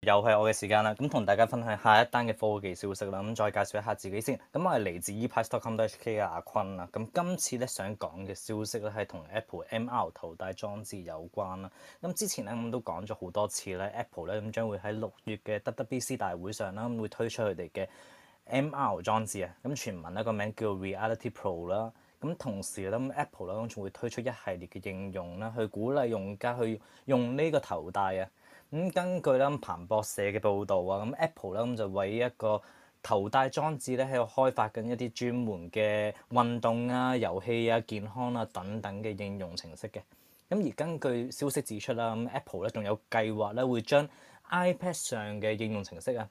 又係我嘅時間啦，咁同大家分享下一單嘅科技消息啦。咁再介紹一下自己先，咁我係嚟自 Epic.com HK 嘅阿坤啦。咁今次咧想講嘅消息咧係同 Apple MR 頭戴裝置有關啦。咁之前咧咁都講咗好多次咧，Apple 咧咁將會喺六月嘅 WWDC 大會上啦，會推出佢哋嘅 MR 裝置啊。咁傳聞呢個名叫 Reality Pro 啦。咁同時 Apple 咧仲會推出一系列嘅應用啦，去鼓勵用家去用呢個頭戴啊。咁根據咧彭博社嘅報導啊，咁 Apple 咧咁就為一個頭戴裝置咧喺度開發緊一啲專門嘅運動啊、遊戲啊、健康啊等等嘅應用程式嘅。咁而根據消息指出啦，咁 Apple 咧仲有計劃咧會將 iPad 上嘅應用程式啊，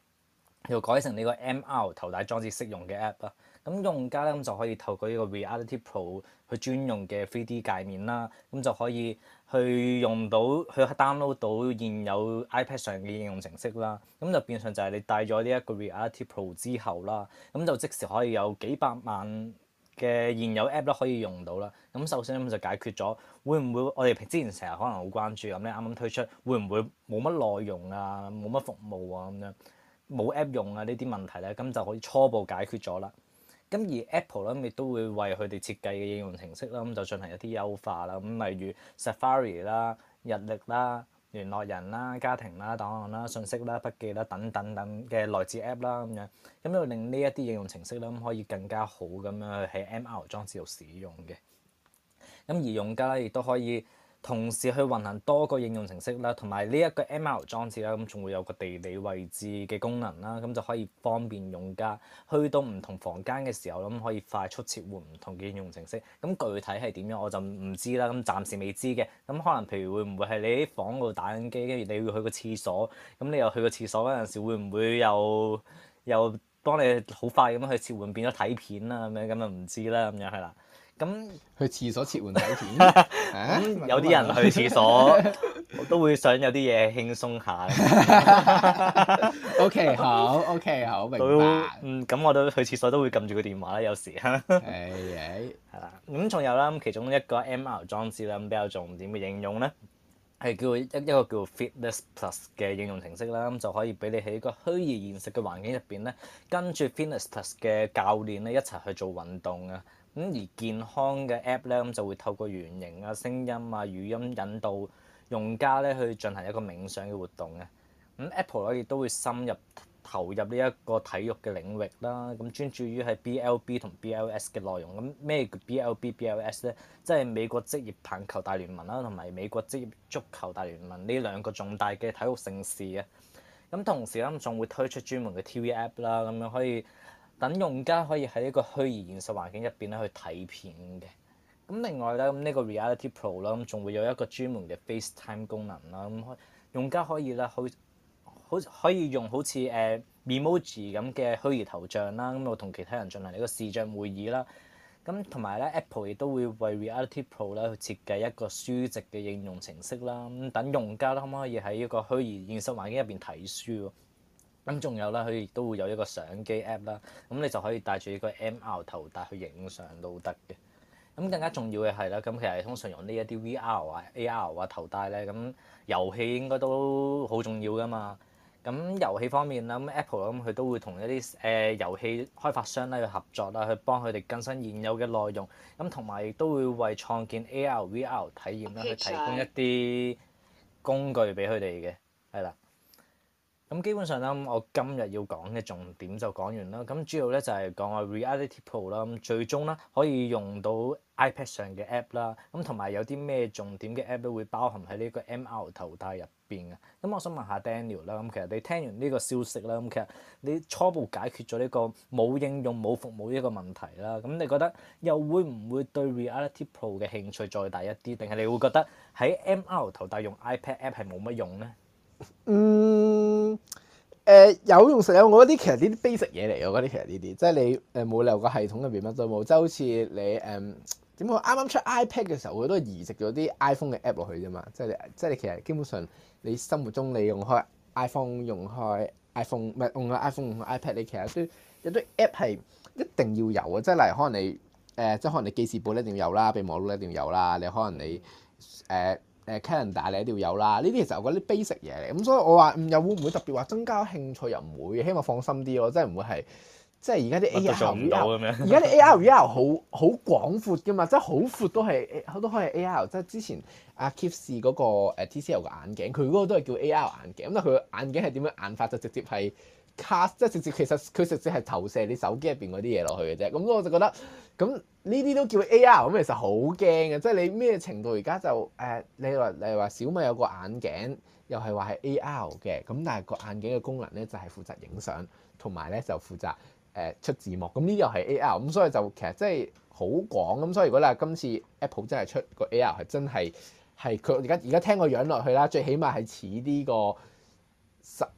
又改成呢個 MR 頭戴裝置適用嘅 App 啦。咁用家咧咁就可以透過呢個 Reality Pro 佢專用嘅 three D 界面啦，咁就可以去用到，去 download 到現有 iPad 上嘅應用程式啦。咁就變相就係你帶咗呢一個 Reality Pro 之後啦，咁就即時可以有幾百萬嘅現有 app 咧可以用到啦。咁首先咁就解決咗會唔會我哋之前成日可能好關注咁咧啱啱推出會唔會冇乜內容啊，冇乜服務啊咁樣冇 app 用啊呢啲問題咧，咁就可以初步解決咗啦。咁而 Apple 咧，亦都會為佢哋設計嘅應用程式啦，咁就進行一啲優化啦。咁例如 Safari 啦、日曆啦、聯絡人啦、家庭啦、檔案啦、信息啦、筆記啦等等等嘅來自 App 啦咁樣，咁令呢一啲應用程式啦，咁可以更加好咁樣喺 MR 裝置度使用嘅。咁而用家咧，亦都可以。同時去運行多個應用程式啦，同埋呢一個 ML 裝置啦，咁仲會有個地理位置嘅功能啦，咁就可以方便用家去到唔同房間嘅時候，咁可以快速切換唔同嘅應用程式。咁具體係點樣我就唔知啦，咁暫時未知嘅。咁可能譬如會唔會係你喺房度打緊機，跟住你要去個廁所，咁你又去個廁所嗰陣時，會唔會又又幫你好快咁去切換變咗睇片啦？咁樣咁樣？咁就唔知啦，咁樣係啦。咁去廁所切換睇片，咁有啲人去廁所都會想有啲嘢輕鬆下。OK，好，OK，好明白。嗯，咁我都去廁所都會撳住個電話啦，有時。係係，係啦。咁仲有啦，咁其中一個 MR 裝置啦，咁比較重點嘅應用咧，係叫一一個叫 Fitness Plus 嘅應用程式啦，咁就可以俾你喺一個虛擬現實嘅環境入邊咧，跟住 Fitness Plus 嘅教練咧一齊去做運動啊。咁而健康嘅 app 咧，咁就會透過圓形啊、聲音啊、語音引導用家咧去進行一個冥想嘅活動嘅。咁、嗯、Apple 亦都會深入投入呢一個體育嘅領域啦，咁、嗯、專注於喺 BLB 同 BLS 嘅內容。咁咩叫 BLB、BLS BL 咧？即係美國職業棒球大聯盟啦，同埋美國職業足球大聯盟呢兩個重大嘅體育盛事啊。咁、嗯、同時咧，仲會推出專門嘅 TV app 啦，咁、嗯、樣、嗯、可以。等用家可以喺一個虛擬現實環境入邊咧去睇片嘅。咁另外咧，咁、這、呢個 Reality Pro 啦，咁仲會有一個專門嘅 FaceTime 功能啦。咁用家可以咧，好好可以用好似誒 Memoji 咁嘅虛擬頭像啦，咁我同其他人進行呢個視像會議啦。咁同埋咧，Apple 亦都會為 Reality Pro 啦去設計一個書籍嘅應用程式啦。咁等用家咧可唔可以喺一個虛擬現實環境入邊睇書？咁仲有啦，佢亦都會有一個相機 App 啦，咁你就可以戴住呢個 MR 頭戴去影相都得嘅。咁更加重要嘅係啦，咁其實通常用呢一啲 VR 啊、AR 啊頭戴咧，咁遊戲應該都好重要噶嘛。咁遊戲方面啦，Apple 咁佢都會同一啲誒遊戲開發商啦去合作啦，去幫佢哋更新現有嘅內容，咁同埋亦都會為創建 AR、VR 體驗啦，去提供一啲工具俾佢哋嘅，係啦。咁基本上啦，我今日要講嘅重點就講完啦。咁主要咧就係講下 Reality Pro 啦。咁最終啦，可以用到 iPad 上嘅 app 啦。咁同埋有啲咩重點嘅 app 都會包含喺呢個 MR 頭戴入邊嘅。咁、嗯、我想問下 Daniel 啦。咁其實你聽完呢個消息啦，咁其實你初步解決咗呢個冇應用冇服務呢一個問題啦。咁你覺得又會唔會對 Reality Pro 嘅興趣再大一啲？定係你會覺得喺 MR 頭戴用 iPad app 係冇乜用咧？嗯。 誒、呃、有用食嘢，我嗰啲其實呢啲 basic 嘢嚟，我覺得其實呢啲，即係你誒冇留個系統入邊乜都冇，即係好似你誒點講，啱啱出 iPad 嘅時候，佢都移植咗啲 iPhone 嘅 app 落去啫嘛，即你，即你其實基本上你生活中你用開 iPhone 用開 iPhone 唔係用開 iPhone 用開 iPad，你其實都有啲 app 係一定要有嘅。即係例如可能你誒、呃、即係可能你記事簿一定要有啦，備忘錄一定要有啦，你可能你誒。呃誒吸引大你一定要有啦，呢啲其實我覺得啲 basic 嘢嚟，咁所以我話又會唔會特別話增加興趣，又唔會，希望放心啲咯，即係唔會係，即係而家啲 AR，而家啲 AR 好好廣闊噶嘛，即係好闊都係，好多可以 AR，即係之前阿 Keep 試嗰個 TCL 嘅眼鏡，佢嗰個都係叫 AR 眼鏡，咁但佢眼鏡係點樣眼法就直接係。卡即係直接，其實佢直接係投射你手機入邊嗰啲嘢落去嘅啫。咁我就覺得，咁呢啲都叫 A.R. 咁其實好驚嘅。即係你咩程度而家就誒、呃，你話例如話小米有個眼鏡是是，又係話係 A.R. 嘅。咁但係個眼鏡嘅功能咧就係負責影相，同埋咧就負責誒、呃、出字幕。咁呢啲又係 A.R. 咁所以就其實即係好廣。咁所以如果你話今次 Apple 真係出個 A.R. 係真係係佢而家而家聽個樣落去啦，最起碼係似呢個。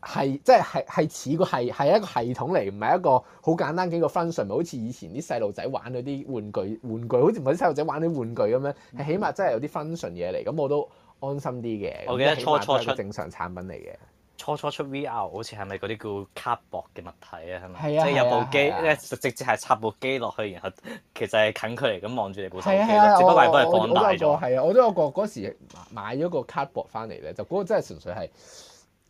係即係係似個係係一個系統嚟，唔係一個好簡單幾個 function，好似以前啲細路仔玩嗰啲玩具玩具，好似唔係啲細路仔玩啲玩具咁樣，係起碼真係有啲 function 嘢嚟，咁我都安心啲嘅。我記得初初出正常產品嚟嘅，初初出 VR 好似係咪嗰啲叫 Cardboard 嘅物體啊？係啊，啊即係有部機、啊啊、直接係插部機落去，然後其實係近距離咁望住你部手機，啊啊、只不過係都係幹埋咗。係啊，我都有個，我都有個，嗰時買咗個 Cardboard 翻嚟咧，就嗰個真係純粹係。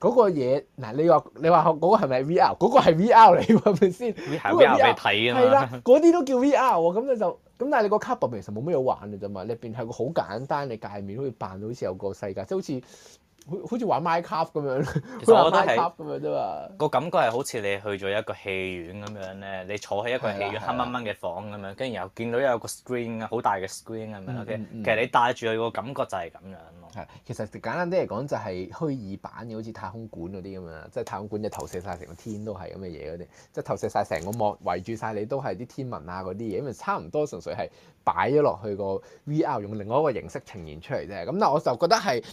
嗰個嘢嗱，你話你話嗰個係咪 VR？嗰個係 VR 嚟喎，係咪先？你睇嗰啲都叫 VR 喎、哦，咁你就咁。但係你個卡布其實冇咩好玩嘅啫嘛，裏邊係個好簡單嘅界面，可以扮到好似有個世界，即係好似。好好似玩 Minecraft 咁樣，其實我都係，好似 Minecraft 咁樣啫嘛。個感覺係好似你去咗一個戲院咁樣咧，你坐喺一個戲院的黑掹掹嘅房咁樣，跟住又見到有一個 screen 啊、嗯，好大嘅 screen 咁樣。O.K.，其實你戴住佢個感覺就係咁樣咯。係，其實簡單啲嚟講就係虛擬版嘅，好似太空館嗰啲咁啊，即係太空館就投射晒成個天都係咁嘅嘢嗰啲，即係投射晒成個幕圍住晒你都係啲天文啊嗰啲嘢，因為差唔多純粹係擺咗落去個 VR 用另外一個形式呈現出嚟啫。咁，但我就覺得係。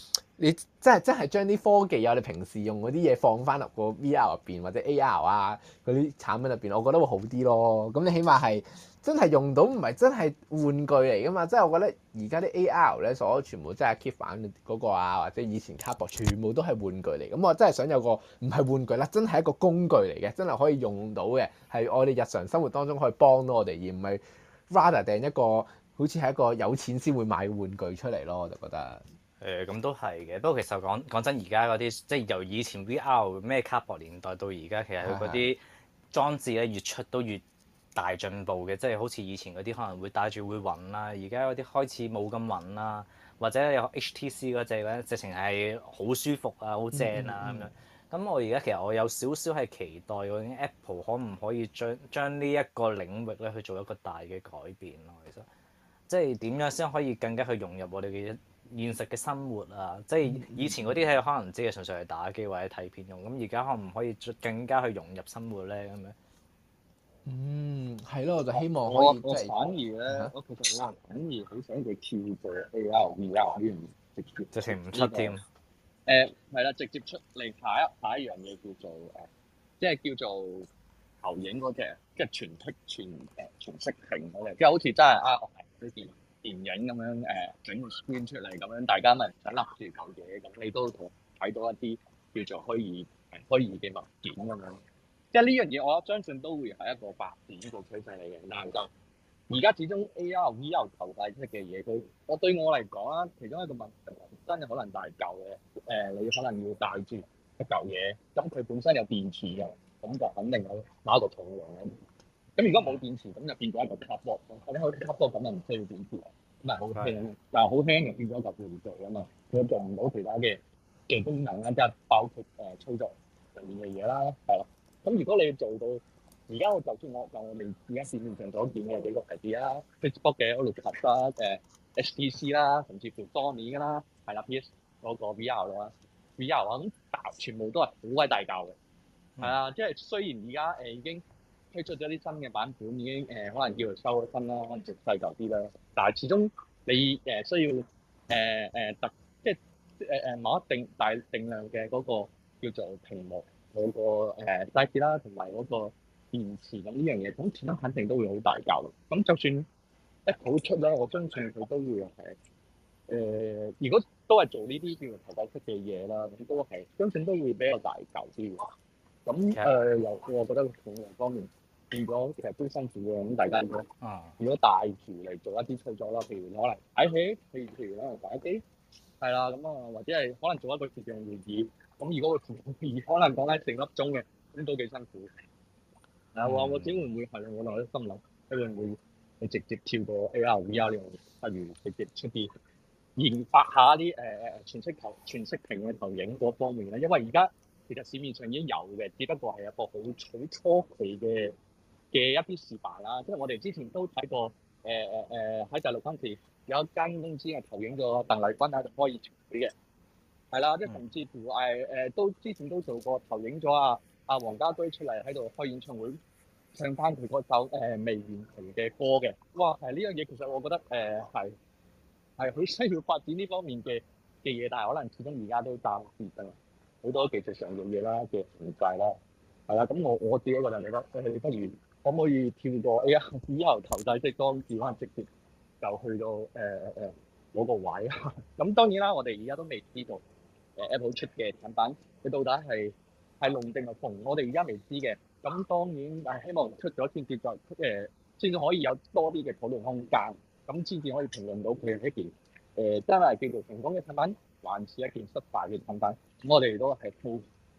你真係真係將啲科技啊，你平時用嗰啲嘢放翻入個 VR 入邊或者 AR 啊嗰啲產品入邊，我覺得會好啲咯。咁你起碼係真係用到，唔係真係玩具嚟㗎嘛？即係我覺得而家啲 AR 咧，所全部即係 Keep 反嗰個啊，或者以前 Cardboard 全部都係玩具嚟。咁我真係想有個唔係玩具啦，真係一個工具嚟嘅，真係可以用到嘅，係我哋日常生活當中可以幫到我哋，而唔係 rather than 一個好似係一個有錢先會買玩具出嚟咯。我就覺得。誒咁都係嘅，不過、呃、其實講講真，而家嗰啲即係由以前 VR 咩卡薄年代，到而家，其實佢嗰啲裝置咧越出都越大進步嘅。即係好似以前嗰啲可能會戴住會暈啦，而家嗰啲開始冇咁暈啦，或者有 HTC 嗰隻咧直情係好舒服啊，好正啊咁，嗯嗯、樣。咁我而家其實我有少少係期待究竟 Apple 可唔可以將將呢一個領域咧去做一個大嘅改變咯，其實即係點樣先可以更加去融入我哋嘅？現實嘅生活啊，即係以前嗰啲係可能只係純粹係打機或者睇片用，咁而家可唔可以更加去融入生活咧？咁樣，嗯，係咯，我就希望可以反而咧，我其實反而好想嘅叫做 AR、VR，直接直情唔出添。誒，係啦，直接出嚟下一下一樣嘢叫做誒，即係叫做投影嗰隻，即係全剔、全誒全息屏嗰隻，即係好似真係啊電影咁樣誒、呃、整個 screen 出嚟咁樣，大家咪想立住嚿嘢，咁你都可睇到一啲叫做虛擬、虛擬嘅物件咁、嗯、樣。即係呢樣嘢，我相信都會係一個發展一個趨勢嚟嘅。但係就而家始終 AR、嗯、VR 頭戴式嘅嘢，佢我對我嚟講啦，其中一個問題真係可能大嚿嘅。誒、呃，你可能要戴住一嚿嘢，咁佢本身有電池嘅，咁就肯定有某一個重量。咁如果冇電池，咁就變咗一個插播，或你可以插播咁就唔需要電池啊，咁係好輕， 但係好輕就變咗一嚿肥嘴啊嘛，佢做唔到其他嘅嘅功能啦，即係包括誒操作上面嘅嘢啦，係咯。咁如果你做到而家，我就算我由我哋而家市面上所見嘅幾個牌子啦，Facebook 嘅 Oculus 啦，誒 HTC 啦，甚至乎 Sony 噶啦，係啦 PS 嗰個 VR 啦，VR 啊咁，全部都係好鬼大嚿嘅，係啊，即係雖然而家誒已經。推出咗啲新嘅版本，已經誒、呃、可能叫佢收一收啦，可能仲細舊啲啦。但係始終你誒、呃、需要誒誒特即係誒誒某一定大定量嘅嗰個叫做屏幕嗰、嗰個誒 size 啦，同埋嗰個電池咁呢樣嘢，咁始終肯定都會好大舊咯。咁就算一好、欸、出啦，我相信佢都要係誒，如果都係做呢啲叫做頭戴式嘅嘢啦，咁都係相信都會比較大舊啲嘅。咁誒又，我覺得重量方面。變咗其實都辛苦嘅，咁大家如果戴住嚟做一啲操作啦，譬如可能睇戲，譬如譬如可能打機，係啦，咁啊或者係可能做一個攝像會議，咁如果個會議可能講緊成粒鐘嘅，咁都幾辛苦。係喎，我只會唔會係我內心諗，會唔會你直接跳過 A R V R 呢樣？不如直接出啲研發下啲誒誒全息頭、全息屏嘅投影嗰方面咧，因為而家其實市面上已經有嘅，只不過係一個好好初期嘅。嘅一啲示範啦，即係我哋之前都睇過誒誒誒喺大陸當時有一間公司係投影咗鄧麗君喺度開演唱會嘅，係啦，即係甚至乎誒誒都之前都做過投影咗啊啊黃家駒出嚟喺度開演唱會唱翻佢嗰首誒、呃、未完成嘅歌嘅，哇！係呢樣嘢其實我覺得誒係係好需要發展呢方面嘅嘅嘢，但係可能始終而家都暫未得好多技術上嘅嘢啦嘅限制啦，係啦，咁我我自己個人覺得誒，不如～可唔可以跳過？哎呀，以後投底即當時，可能直接就去到誒誒嗰個位啦、啊。咁 當然啦，我哋而家都未知道誒、呃、Apple 出嘅產品，佢到底係係龍定係鳳，我哋而家未知嘅。咁當然係希望出咗先至再誒，先、呃、至可以有多啲嘅討論空間，咁先至可以評論到佢係一件誒真係叫做成功嘅產品，還是一件失敗嘅產品。我哋都係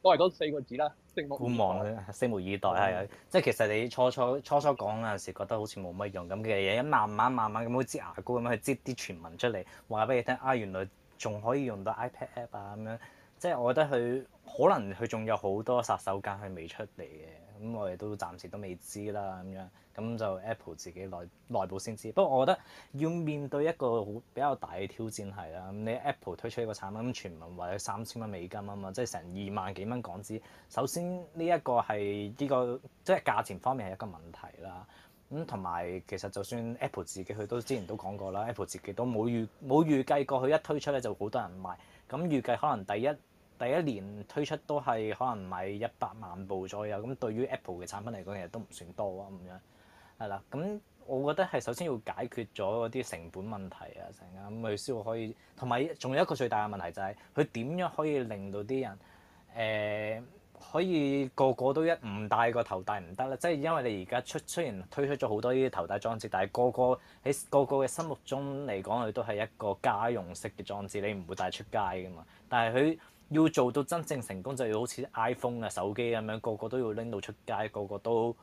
都係講四個字啦，拭目以觀。拭目以待係，嗯、即係其實你初初初初講嗰陣時，覺得好似冇乜用咁嘅嘢，一慢慢慢慢咁去擠牙膏咁樣去擠啲傳聞出嚟，話俾你聽啊，原來仲可以用到 iPad app 啊，咁樣即係我覺得佢可能佢仲有好多殺手鐧係未出嚟嘅。咁、嗯、我哋都暫時都未知啦，咁樣，咁就 Apple 自己內內部先知。不過我覺得要面對一個好比較大嘅挑戰係啦，咁、嗯、你 Apple 推出呢個產品，傳聞話有三千蚊美金啊嘛，即係成二萬幾蚊港紙。首先呢一、呢個係呢、呢個即係價錢方面係一個問題啦。咁同埋其實就算 Apple 自己佢都之前都講過啦，Apple 自己都冇預冇預計過佢一推出咧就好多人買。咁預計可能第一，第一年推出都係可能買一百萬部左右，咁對於 Apple 嘅產品嚟講，其實都唔算多啊。咁樣係啦，咁我覺得係首先要解決咗嗰啲成本問題啊，成咁佢先可以。同埋仲有一個最大嘅問題就係佢點樣可以令到啲人誒、呃、可以個個都一唔戴個頭戴唔得啦。即係因為你而家出雖然推出咗好多呢啲頭戴裝置，但係個個喺個個嘅心目中嚟講，佢都係一個家用式嘅裝置，你唔會帶出街噶嘛。但係佢。要做到真正成功，就要好似 iPhone 啊手機咁、啊、樣，個個都要拎到出街，個個都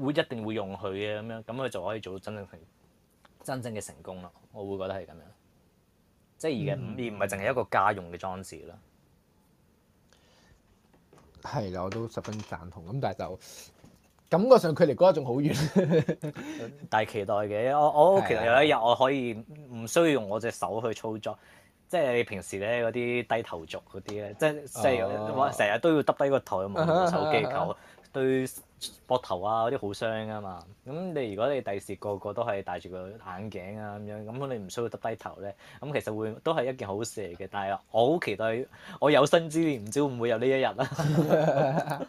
會一定會用佢嘅咁樣，咁佢就可以做到真正成真正嘅成功啦。我會覺得係咁樣，即係而家唔係淨係一個家用嘅裝置啦。係啦，我都十分贊同。咁但係就感覺上佢離嗰一日仲好遠，但 係期待嘅。我我其實有一日我可以唔需要用我隻手去操作。即係你平時咧嗰啲低頭族嗰啲咧，即係成日都要耷低個頭去望手機，搞、uh huh, uh huh. 對膊頭啊嗰啲好傷啊嘛。咁你如果你第時個個都係戴住個眼鏡啊咁樣，咁你唔需要耷低頭咧，咁其實會都係一件好事嚟嘅。但係我好期待，我有生之年唔知會唔會有呢一日啊！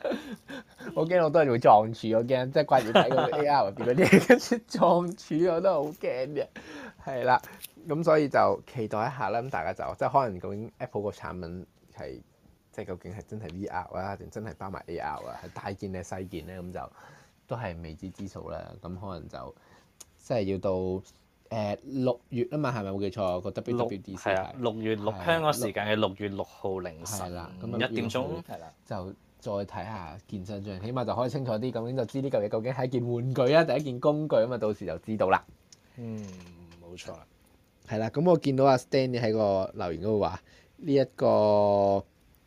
我驚我都係會撞柱，我驚即係掛住睇個 AR 入邊嗰啲，跟 住撞柱我都係好驚嘅。係啦，咁所以就期待一下啦。咁大家就即係可能究竟 Apple 個產品係即係究竟係真係 VR 啊，定真係包埋 AR 啊，係大件定係細件咧？咁就都係未知之數啦。咁可能就即係要到誒、呃、六月啊嘛，係咪冇記錯個 WWDC 時間？六月六，香港時間係六月六號凌晨，係啦、啊，咁一點鐘係啦，就再睇下見真章，起碼就可以清楚啲，咁就知呢嚿嘢究竟係一件玩具啊，定一件工具啊嘛，到時就知道啦。嗯。冇錯，係、嗯、啦。咁我見到阿 Stan 喺個留言嗰度話，呢、這、一個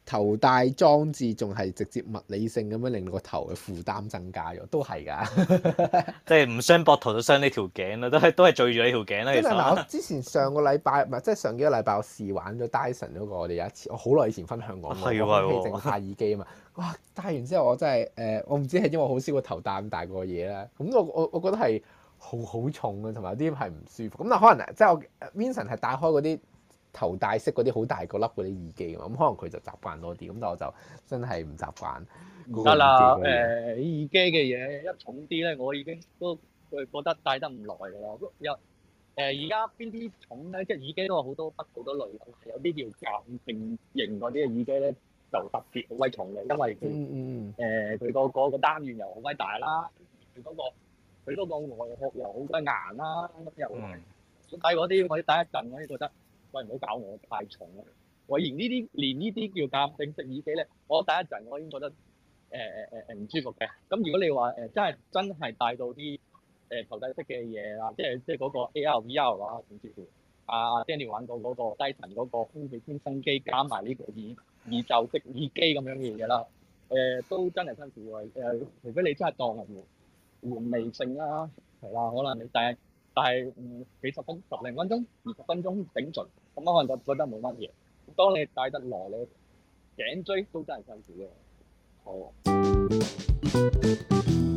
頭戴裝置仲係直接物理性咁樣令個頭嘅負擔增加咗，都係㗎， 即係唔傷膊頭都傷呢條頸啦，都係都係累住呢條頸啦。嗯、其實嗱、啊，我之前上個禮拜唔係即係上幾個禮拜，我試玩咗 Dyson 嗰個，我哋有一次，我好耐以前分享過，係喎下耳機啊嘛，哇戴完之後我真係誒、呃，我唔知係因為好少個頭戴咁大個嘢啦，咁我我我覺得係。好好重啊，同埋有啲係唔舒服。咁但可能即係我 Vincent 係戴開嗰啲頭戴式嗰啲好大個粒嗰啲耳機啊嘛，咁可能佢就習慣多啲。咁但我就真係唔習慣。得啦，誒、呃、耳機嘅嘢一重啲咧，我已經都誒覺得戴得唔耐嘅咯。有誒而家邊啲重咧？即係耳機都有好多好多類型，有啲叫校定型嗰啲嘅耳機咧，就特別好鬼重嘅，因為嗯嗯佢個個個單元又好鬼大啦，佢佢都講外殼又好鬼硬啦，咁又戴嗰啲，我戴一陣，我，我，一我已經覺得，喂唔好搞我太重啦。我連呢啲連呢啲叫鑑定式耳機咧，我戴一陣，我已經覺得誒誒誒唔舒服嘅。咁如果你話誒真係真係戴到啲誒頭戴式嘅嘢啦，即係即係嗰個 A R V R 嘅話，點知啊？Daniel 玩過嗰個 Dyson 嗰個空氣清新機，加埋呢個耳耳罩式耳機咁樣嘢啦，誒都真係辛苦喎。誒，除非你真係當人。回味性啦，啊，係啦，可能你戴嗯幾十分十零分鐘、二十分鐘頂盡，咁可能就覺得冇乜嘢。當你戴得耐咧，頸椎都真係辛苦嘅。好。